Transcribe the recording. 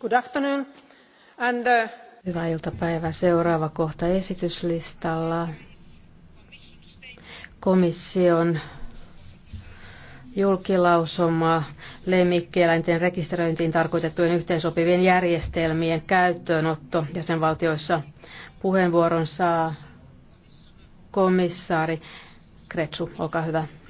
Good afternoon. And, uh, Hyvää iltapäivää. Seuraava kohta esityslistalla. Komission julkilausuma lemmikkieläinten rekisteröintiin tarkoitettujen yhteensopivien järjestelmien käyttöönotto jäsenvaltioissa. Puheenvuoron saa komissaari Kretsu, olkaa hyvä.